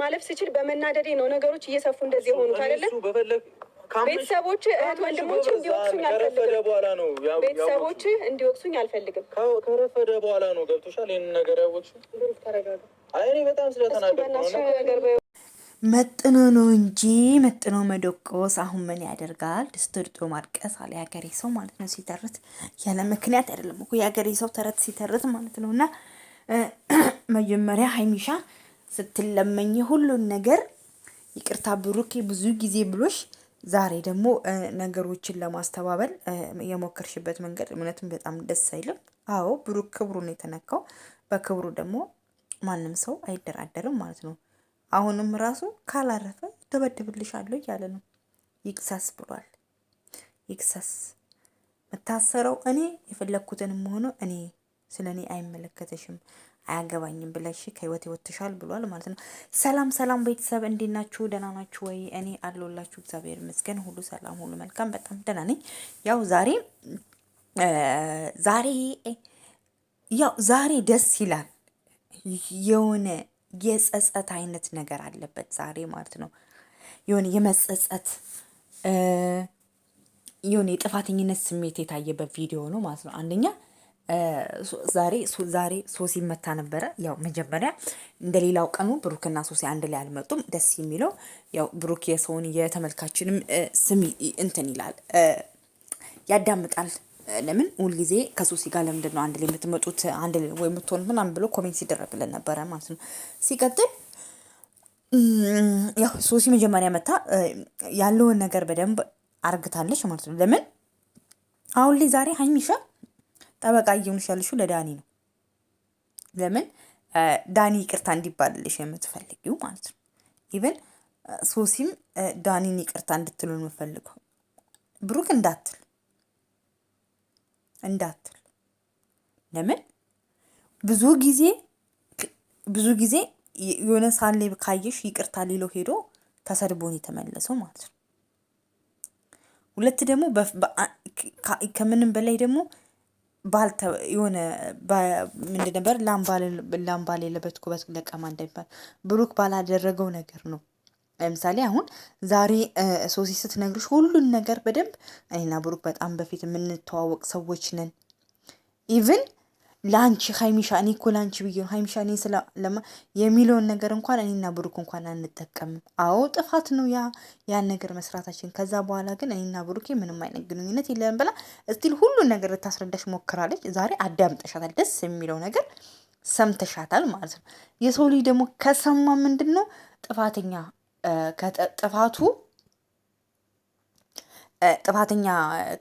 ማለፍ ስችል በመናደዴ ነው ነገሮች እየሰፉ እንደዚህ የሆኑት አይደለም። ቤተሰቦች እህት ወንድሞች እንዲወቅሱኝ አልፈልግም። ቤተሰቦች እንዲወቅሱኝ አልፈልግም። ከረፈደ በኋላ ነው ገብቶሻል። ይህን ነገር ያወቅሽው እኔ በጣም ስለተናገርኩ መጥኖ ነው እንጂ መጥኖ መደቆስ አሁን ምን ያደርጋል? ድስት ድጦ ማድቀስ አለ የሀገሬ ሰው ማለት ነው። ሲተርት ያለ ምክንያት አይደለም እኮ የሀገሬ ሰው ተረት ሲተርት ማለት ነው። እና መጀመሪያ ሀይሚሻ ስትለመኝ ሁሉን ነገር ይቅርታ ብሩኬ ብዙ ጊዜ ብሎሽ፣ ዛሬ ደግሞ ነገሮችን ለማስተባበል የሞከርሽበት መንገድ እውነትም በጣም ደስ አይልም። አዎ ብሩክ ክብሩ ነው የተነካው። በክብሩ ደግሞ ማንም ሰው አይደራደርም ማለት ነው። አሁንም ራሱ ካላረፈ ደበድብልሻለሁ እያለ ነው። ይክሰስ ብሏል። ይክሰስ። የምታሰረው እኔ የፈለግኩትንም ሆኖ እኔ ስለ እኔ አይመለከተሽም። አያገባኝም ብለሽ ከህይወት ይወትሻል ብሏል ማለት ነው። ሰላም ሰላም ቤተሰብ እንዴት ናችሁ? ደህና ናችሁ ወይ? እኔ አለሁላችሁ እግዚአብሔር ይመስገን፣ ሁሉ ሰላም፣ ሁሉ መልካም፣ በጣም ደህና ነኝ። ያው ዛሬ ዛሬ ያው ዛሬ ደስ ይላል የሆነ የጸጸት አይነት ነገር አለበት ዛሬ ማለት ነው። የሆነ የመጸጸት የሆነ የጥፋተኝነት ስሜት የታየበት ቪዲዮ ነው ማለት ነው አንደኛ ዛሬ ዛሬ ሶሲ መታ ነበረ። ያው መጀመሪያ እንደ ሌላው ቀኑ ብሩክና ሶሲ አንድ ላይ አልመጡም። ደስ የሚለው ያው ብሩክ የሰውን የተመልካችንም ስም እንትን ይላል ያዳምጣል። ለምን ሁልጊዜ ከሶሲ ጋር ለምንድን ነው አንድ ላይ የምትመጡት አንድ ላይ ወይ የምትሆኑት ምናምን ብሎ ኮሜንት ሲደረግልን ነበረ ማለት ነው። ሲቀጥል ያው ሶሲ መጀመሪያ መታ ያለውን ነገር በደንብ አርግታለች ማለት ነው። ለምን አሁን ላይ ዛሬ ሀይሚሻ ጠበቃ እየሆንሽ ያለሽው ለዳኒ ነው። ለምን ዳኒ ይቅርታ እንዲባልልሽ የምትፈልጊው ማለት ነው። ኢቨን ሶሲም ዳኒን ይቅርታ እንድትሉ የምፈልገው ብሩክ እንዳትል እንዳትል። ለምን ብዙ ጊዜ ብዙ ጊዜ የሆነ ላይ ካየሽ ይቅርታ ሌለው ሄዶ ተሰድቦን የተመለሰው ማለት ነው። ሁለት ደግሞ ከምንም በላይ ደግሞ ባልተ የሆነ ምንድን ነበር ላምባል የለበት ኩበት ለቀማ እንዳይባል ብሩክ ባላደረገው ነገር ነው። ለምሳሌ አሁን ዛሬ ሶሲ ስትነግርሽ ሁሉን ነገር በደንብ እኔና ብሩክ በጣም በፊት የምንተዋወቅ ሰዎች ነን ኢቭን ለአንቺ ሀይሚሻ እኔ እኮ ለአንቺ ብዬ ሀይሚሻ እኔ ስለለማ የሚለውን ነገር እንኳን እኔና ብሩክ እንኳን አንጠቀምም። አዎ ጥፋት ነው ያ ያን ነገር መስራታችን። ከዛ በኋላ ግን እኔና ብሩኬ ምንም አይነት ግንኙነት የለም ብላ እስቲል ሁሉን ነገር ልታስረዳሽ ሞክራለች። ዛሬ አዳምጠሻታል፣ ደስ የሚለው ነገር ሰምተሻታል ማለት ነው። የሰው ልጅ ደግሞ ከሰማ ምንድን ነው ጥፋተኛ ከጥፋቱ ጥፋተኛ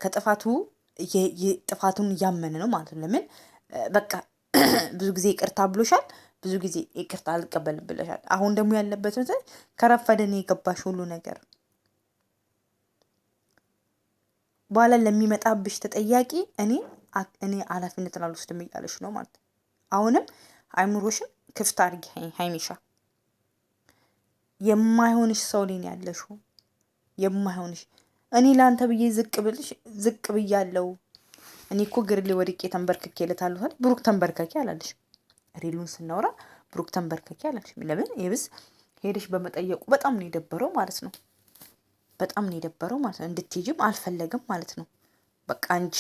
ከጥፋቱ ጥፋቱን እያመነ ነው ማለት ነው ለምን በቃ ብዙ ጊዜ ይቅርታ ብሎሻል፣ ብዙ ጊዜ ይቅርታ አልቀበልም ብለሻል። አሁን ደግሞ ያለበት እንትን ከረፈደን የገባሽ ሁሉ ነገር በኋላ ለሚመጣብሽ ተጠያቂ እኔ እኔ ኃላፊነትን አልወስድም እያለሽ ነው ማለት አሁንም አይምሮሽን ክፍት አድርጊ ሀይሚሻ። የማይሆንሽ ሰው ሊን ነው የማይሆንሽ እኔ ለአንተ ብዬ ዝቅ ብልሽ ዝቅ ብያለው እኔ እኮ ግርሌ ወድቄ ተንበርክኬ እልታለሁ። ብሩክ ተንበርከኪ አላለሽ። ሪሉን ስናወራ ብሩክ ተንበርከኪ አላለሽ። ለምን የብስ ሄደሽ በመጠየቁ በጣም ነው የደበረው ማለት ነው። በጣም ነው የደበረው ማለት ነው። እንድትሄጂም አልፈለግም ማለት ነው። በቃ አንቺ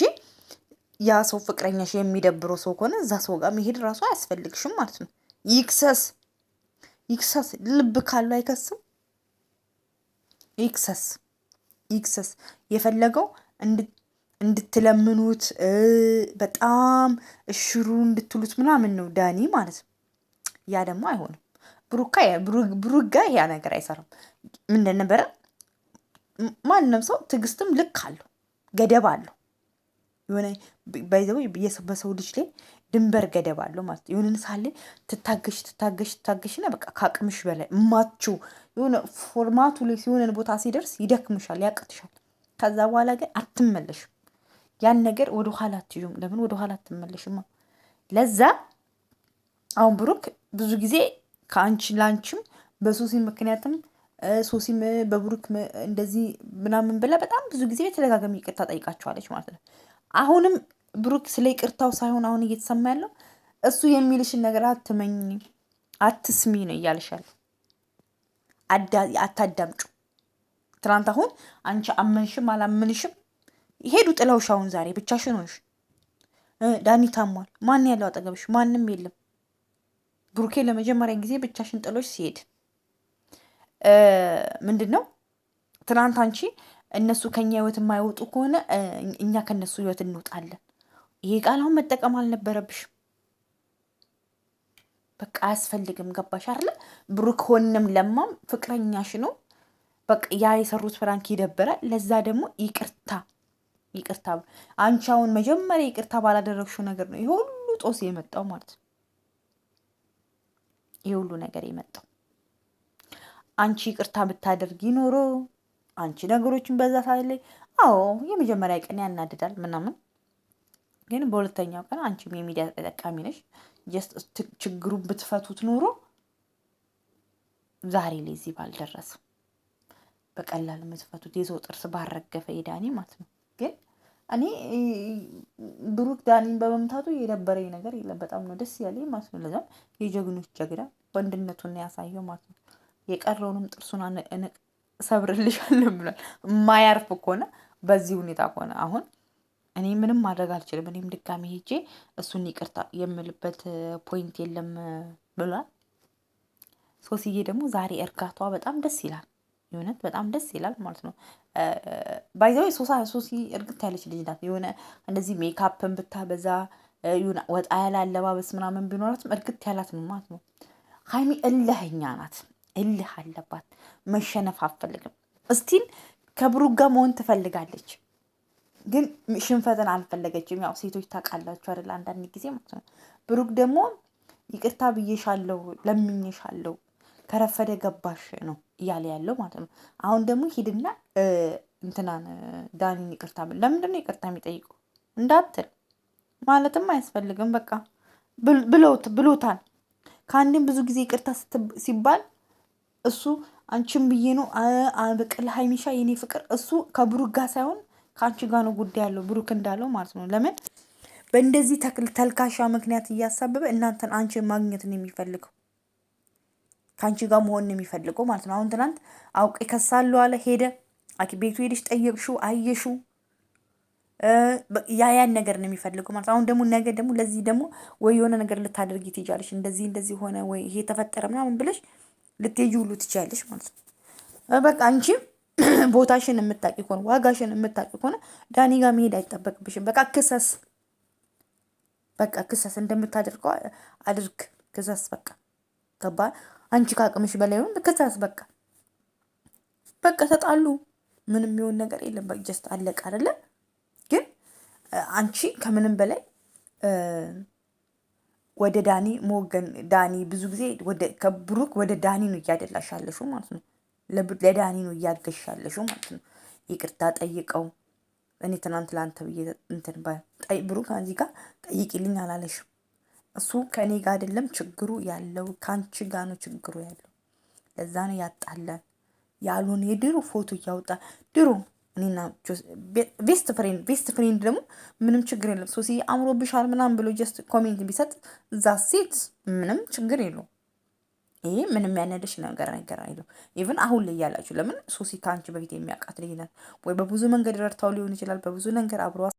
ያ ሰው ፍቅረኛሽ የሚደብረው ሰው ከሆነ እዛ ሰው ጋር መሄድ ራሱ አያስፈልግሽም ማለት ነው። ይክሰስ ይክሰስ፣ ልብ ካለው አይከስም። ይክሰስ ይክሰስ የፈለገው እንድትለምኑት በጣም እሽሩ እንድትሉት ምናምን ነው ዳኒ ማለት ነው። ያ ደግሞ አይሆንም። ብሩካ ብሩክ ጋ ያ ነገር አይሰራም። ምንድን ነበረ ማንም ሰው ትዕግስትም ልክ አለው፣ ገደብ አለው። የሆነ በሰው ልጅ ላይ ድንበር ገደብ አለው ማለት ነው። የሆነን ሳለ ትታገሽ ትታገሽ ትታገሽና በቃ ከአቅምሽ በላይ እማችሁ የሆነ ፎርማቱ ላይ ሲሆነን ቦታ ሲደርስ ይደክምሻል፣ ያቅትሻል። ከዛ በኋላ ግን አትመለሽም። ያን ነገር ወደ ኋላ አትዩም። ለምን ወደ ኋላ አትመለሽማ። ለዛ አሁን ብሩክ ብዙ ጊዜ ከአንቺ ላንቺም በሶሲ ምክንያትም ሶሲም በብሩክ እንደዚህ ምናምን ብላ በጣም ብዙ ጊዜ በተደጋጋሚ ይቅርታ ጠይቃቸዋለች ማለት ነው። አሁንም ብሩክ ስለ ይቅርታው ሳይሆን አሁን እየተሰማ ያለው እሱ የሚልሽን ነገር አትመኝ፣ አትስሚ ነው እያልሻል። አታዳምጩ። ትናንት አሁን አንቺ አመንሽም አላመንሽም ሄዱ ጥለውሽ። አሁን ዛሬ ብቻሽን ሆንሽ። ዳኒ ታሟል። ማን ያለው አጠገብሽ? ማንም የለም። ብሩኬ ለመጀመሪያ ጊዜ ብቻሽን ጥሎሽ ሲሄድ ምንድን ነው ትናንት አንቺ እነሱ ከኛ ህይወት የማይወጡ ከሆነ እኛ ከነሱ ህይወት እንውጣለን። ይሄ ቃል አሁን መጠቀም አልነበረብሽም። በቃ አያስፈልግም። ገባሽ አይደለ? ብሩክ ሆንም ለማም ፍቅረኛሽ ነው። በቃ ያ የሰሩት ፍራንክ ይደበራል። ለዛ ደግሞ ይቅርታ ይቅርታ አንቺ አሁን መጀመሪያ ይቅርታ ባላደረግሽው ነገር ነው ይሄ ሁሉ ጦስ የመጣው ማለት ነው። ይሄ ሁሉ ነገር የመጣው አንቺ ይቅርታ ብታደርጊ ኖሮ አንቺ ነገሮችን በዛ ላይ አዎ የመጀመሪያ ቀን ያናድዳል ምናምን፣ ግን በሁለተኛው ቀን አንቺም የሚዲያ ተጠቃሚ ነሽ። ችግሩን ብትፈቱት ኖሮ ዛሬ ላይ እዚህ ባልደረሰ። በቀላል የምትፈቱት የሰው ጥርስ ባረገፈ የዳኔ ማለት ነው ግን እኔ ብሩክ ዳኒን በመምታቱ የደበረኝ ነገር የለም። በጣም ነው ደስ ያለኝ ማለት ነው። ለዛም የጀግኖች ጀግና ወንድነቱን ያሳየው ማለት ነው። የቀረውንም ጥርሱን ሰብርልሻለሁ ብሏል። ማያርፍ ከሆነ በዚህ ሁኔታ ከሆነ አሁን እኔ ምንም ማድረግ አልችልም። እኔም ድጋሚ ሄጄ እሱን ይቅርታ የምልበት ፖይንት የለም ብሏል። ሶስዬ ደግሞ ዛሬ እርጋቷ በጣም ደስ ይላል። የእውነት በጣም ደስ ይላል ማለት ነው። ባይዘው ሶሳ ሶሲ እርግጥ ያለች ልጅ ናት። የሆነ እንደዚህ ሜካፕን ብታበዛ ወጣ ያለ አለባበስ ምናምን ቢኖራትም እርግጥ ያላት ነው ማለት ነው። ሀይሚ እልህኛ ናት። እልህ አለባት። መሸነፍ አትፈልግም። እስቲል ከብሩክ ጋር መሆን ትፈልጋለች፣ ግን ሽንፈትን አልፈለገችም። ያው ሴቶች ታውቃላችሁ አይደል? አንዳንድ ጊዜ ማለት ነው። ብሩክ ደግሞ ይቅርታ ብዬሻለሁ፣ ለምኜሻለሁ፣ ከረፈደ ገባሽ ነው እያለ ያለው ማለት ነው። አሁን ደግሞ ሂድና እንትናን ዳኒን ይቅርታ ለምንድነው ይቅርታ የሚጠይቁ እንዳትል ማለትም አያስፈልግም። በቃ ብሎት ብሎታል። ከአንድም ብዙ ጊዜ ይቅርታ ሲባል እሱ አንቺን ብዬ ነው በቅል ሀይሚሻ የኔ ፍቅር እሱ ከብሩክ ጋር ሳይሆን ከአንቺ ጋር ነው ጉዳይ ያለው ብሩክ እንዳለው ማለት ነው። ለምን በእንደዚህ ተልካሻ ምክንያት እያሳበበ እናንተን አንቺን ማግኘት ነው የሚፈልገው? ከአንቺ ጋር መሆን ነው የሚፈልገው ማለት ነው። አሁን ትናንት አውቄ ከሳለሁ አለ ሄደ ቤቱ ሄደሽ ጠየቅሽው፣ አየሽው ያያን ነገር ነው የሚፈልገው ማለት አሁን ደግሞ ነገ ደግሞ ለዚህ ደግሞ ወይ የሆነ ነገር ልታደርጊ ትችያለሽ። እንደዚህ እንደዚህ ሆነ ወይ ይሄ ተፈጠረ ምናምን ብለሽ ልትሄጂ ሁሉ ትችያለሽ ማለት ነው። በቃ አንቺ ቦታሽን የምታቂ ከሆነ ዋጋሽን የምታቂ ከሆነ ዳኒ ጋር መሄድ አይጠበቅብሽም። በቃ ክሰስ፣ በቃ ክሰስ፣ እንደምታደርገው አድርግ፣ ክሰስ በቃ ገባ አንቺ ከአቅምሽ በላይ ሆን ከዛስ በቃ በቃ ተጣሉ። ምንም የሚሆን ነገር የለም። በቃ ጀስት አለቀ አይደለ? ግን አንቺ ከምንም በላይ ወደ ዳኒ ሞገን ዳኒ ብዙ ጊዜ ከብሩክ ወደ ዳኒ ነው እያደላሽ ያለሽው ማለት ነው። ለዳኒ ነው እያገሽ ያለሽው ማለት ነው። ይቅርታ ጠይቀው። እኔ ትናንት ለአንተ ብዬ እንትን ብሩክ እዚህ ጋር ጠይቅልኝ አላለሽም። እሱ ከእኔ ጋር አይደለም ችግሩ ያለው ከአንቺ ጋር ነው ችግሩ ያለው። ለዛ ነው ያጣለን ያሉን የድሮ ፎቶ እያወጣ ድሮ እኔና ቤስት ፍሬንድ ቤስት ፍሬንድ ደግሞ ምንም ችግር የለም። ሶሲ አእምሮ ብሻል ምናምን ብሎ ጀስት ኮሜንት ቢሰጥ እዛ ሴት ምንም ችግር የለው። ይሄ ምንም ያነደሽ ነገር ነገር አይለው። ኢቭን አሁን ላይ ያላችሁ ለምን ሶሲ ከአንቺ በፊት የሚያውቃት ልጅ ናት ወይ በብዙ መንገድ ረድታው ሊሆን ይችላል። በብዙ ነገር አብረዋ